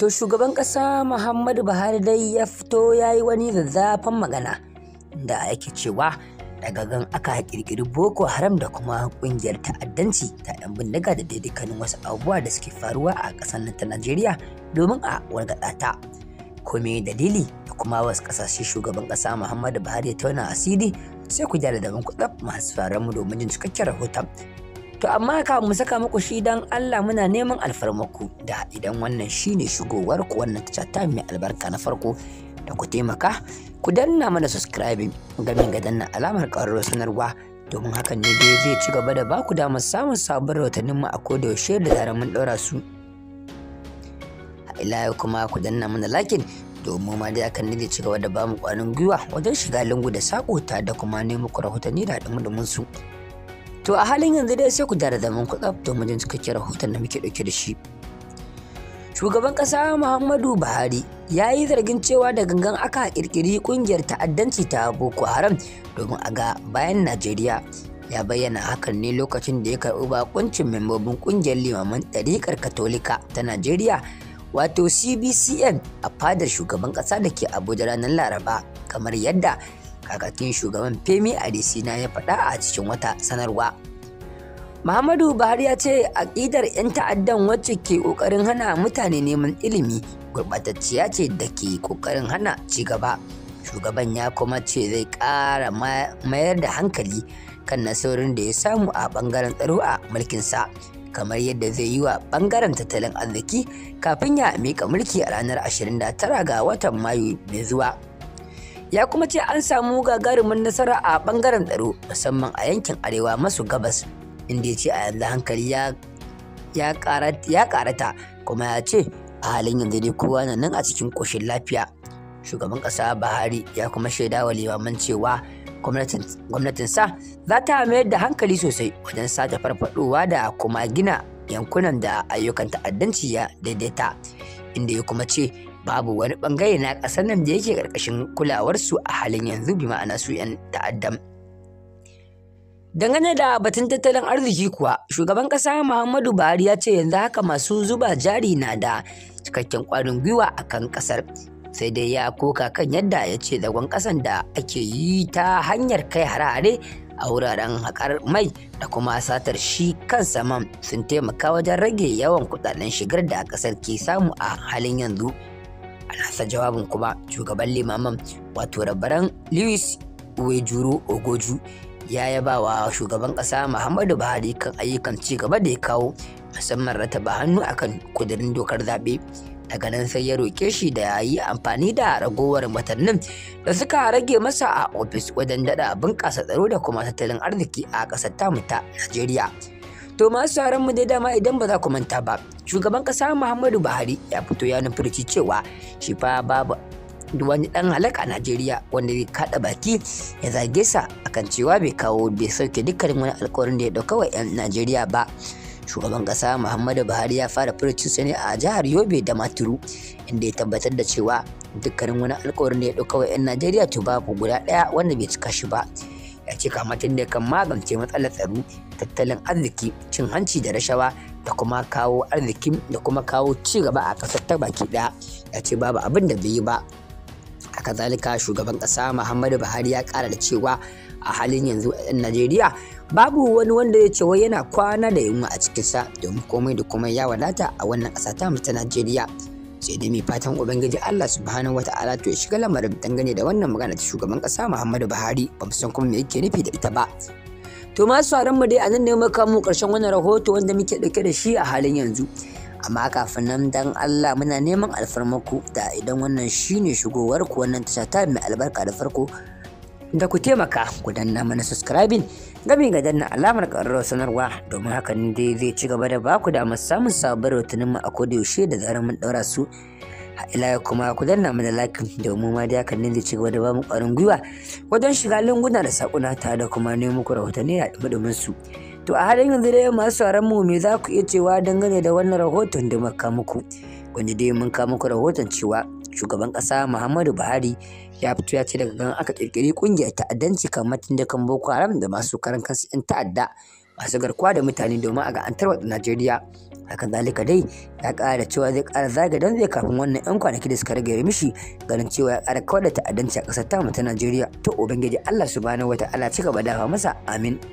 To shugaban ƙasa Muhammadu Buhari dai ya fito ya yi wani zazzafan magana da ake cewa daga gan aka kirkiri Boko Haram da kuma ƙungiyar ta'addanci ta 'yan bindiga da daidaikanin wasu abubuwa da suke faruwa a ƙasar nan ta Najeriya domin a wargaɗa ta. Kome dalili da kuma wasu ƙasashe shugaban ƙasa Muhammadu Buhari ya tauna asiri sai ku gyara da mun kuɗa masu mu domin jin cikakken rahoton. To amma ka mu saka muku shi dan Allah muna neman alfarmaku da idan wannan shine shigowar ku wannan chata mai albarka na farko da ku taimaka ku danna mana subscribing gamin ga danna alamar ƙararrawar sanarwa domin hakan ne dai zai ci gaba da baku damar samun sabon rahotannin mu a yaushe da zarar mun ɗora su. ila yau kuma ku danna mana lakin domin ma dai akan ne ci gaba da bamu kwanan gwiwa wajen shiga lungu da ta da kuma nemo rahotanni da haɗin su. To a halin yanzu dai sai ku dara zaman ku tsafto domin jin cikakken rahoton da muke ɗauke da shi. Shugaban ƙasa Muhammadu Buhari ya yi zargin cewa da gangan aka ƙirƙiri ƙungiyar ta'addanci ta Boko Haram domin a ga bayan Najeriya. Ya bayyana hakan ne lokacin da ya karɓi bakuncin membobin ƙungiyar limaman ɗariƙar Katolika ta Najeriya wato cbcn a fadar shugaban ƙasa da ke abuja ranar laraba kamar yadda kakakin shugaban femi adesina ya faɗa a cikin wata sanarwa muhammadu buhari ya ce aƙidar 'yan ta'addan wacce ke ƙoƙarin hana mutane neman ilimi gurɓatacciya ce da ke ƙoƙarin hana cigaba shugaban ya kuma ce zai ƙara mayar da hankali kan nasarorin da ya samu a ɓangaren tsaro a mulkinsa kamar yadda zai yi wa ɓangaren tattalin arziki kafin ya mika mulki a ranar 29 ga watan mayu mai zuwa. ya kuma ce an samu gagarumin nasara a bangaren tsaro musamman a yankin arewa maso gabas inda ya ce a yanzu hankali ya karata kuma ya ce a halin yanzu ne kowa na nan a cikin koshin lafiya shugaban ƙasa bahari ya kuma shaida wa limaman cewa gwamnatinsa za ta mayar da hankali sosai wajen sake farfadowa da kuma gina yankunan da ayyukan ta'addanci ya daidaita inda ya kuma ce babu wani bangare na ƙasar nan da yake ƙarƙashin kulawarsu a halin yanzu bi ma'ana su 'yan ta'addam. Dangane da batun tattalin arziki kuwa, shugaban ƙasa Muhammadu Buhari ya ce yanzu haka masu zuba jari na da cikakken ƙwarin gwiwa a kan ƙasar. Sai dai ya koka kan yadda ya ce zagon ƙasan da ake yi ta hanyar kai harare a wuraren haƙar mai da kuma satar shi kan saman, sun taimaka wajen rage yawan kuɗaɗen shigar da ƙasar ke samu a halin yanzu. a nasa jawabin kuma shugaban limaman wato rabaran lewis uwejuro ogoju ya yaba wa shugaban ƙasa muhammadu buhari kan ayyukan ci gaba da ya kawo musamman ba hannu akan kudirin dokar zaɓe daga nan sai ya roke shi da ya yi amfani da ragowar watannin da suka rage masa a ofis wajen daɗa bunƙasa tsaro da kuma tattalin arziki a ƙasar tamu ta najeriya To masu sauran mu dai dama idan ba za ku manta ba, shugaban ƙasa Muhammadu Buhari ya fito ya nufurci cewa shi fa babu wani dan halaka a Najeriya wanda bai kaɗa baki ya zage sa akan cewa bai kawo bai sauke dukkanin wani alkawarin da ya dauka wa 'yan Najeriya ba. Shugaban ƙasa Muhammadu Buhari ya fara furcinsa ne a jihar Yobe da Maturu inda ya tabbatar da cewa dukkanin wani alkawarin da ya dauka wa 'yan Najeriya to babu guda ɗaya wanda bai cika shi ba. ya ce kamatin da kan magance matsalar tsaro tattalin arziki cin hanci da rashawa da kuma kawo arzikin da kuma kawo ci gaba a ƙasar ta baki ɗaya ya ce babu abin da bai yi ba A kazalika, shugaban ƙasa muhammadu buhari ya ƙara da cewa a halin yanzu a najeriya babu wani wanda ya ce wai yana kwana da yunwa a cikinsa domin komai da komai ya wadata a wannan ƙasa ta ta najeriya sai dai mai fatan ubangiji Allah subhanahu wata'ala to ya shiga lamarin dangane da wannan magana ta shugaban kasa Muhammadu Buhari ba mu san kuma me yake nufi da ita ba to ma sauran mu dai a nan ne muka mu karshen wannan rahoto wanda muke dauke da shi a halin yanzu amma kafin nan dan Allah muna neman alfarmaku da idan wannan shine shigowar ku wannan tasha ta mai albarka da farko da ku taimaka ku danna mana subscribing gami ga danna alamar ƙararrawar sanarwa domin haka ne dai zai ci gaba da baku da samun sabbin rahotannin mu a yaushe da zarar mun daura su ila kuma ku danna mana lakin domin ma haka ne zai ci gaba da bamu ƙwarin gwiwa wajen shiga lunguna da sakuna tare da kuma nemo muku rahotanni da dumudumin su to a halin yanzu dai masu sauraron mu me za ku iya cewa dangane da wannan rahoton da muka muku wani dai mun kawo muku rahoton cewa shugaban ƙasa muhammadu buhari ya fito ya ce daga gan aka ƙirƙiri ƙungiyar ta'addanci kamar matindakan boko haram da masu karan kansu 'yan ta'adda masu garkuwa da mutane domin a ga an tarwatsa najeriya hakan zalika dai ya ƙara da cewa zai ƙara zaga don zai kafin wannan 'yan kwanaki da suka rage mishi ganin cewa ya ƙara kawar da ta'addanci a ƙasar tamu ta najeriya to ubangiji allah subhanahu wa ta'ala ci gaba dafa masa amin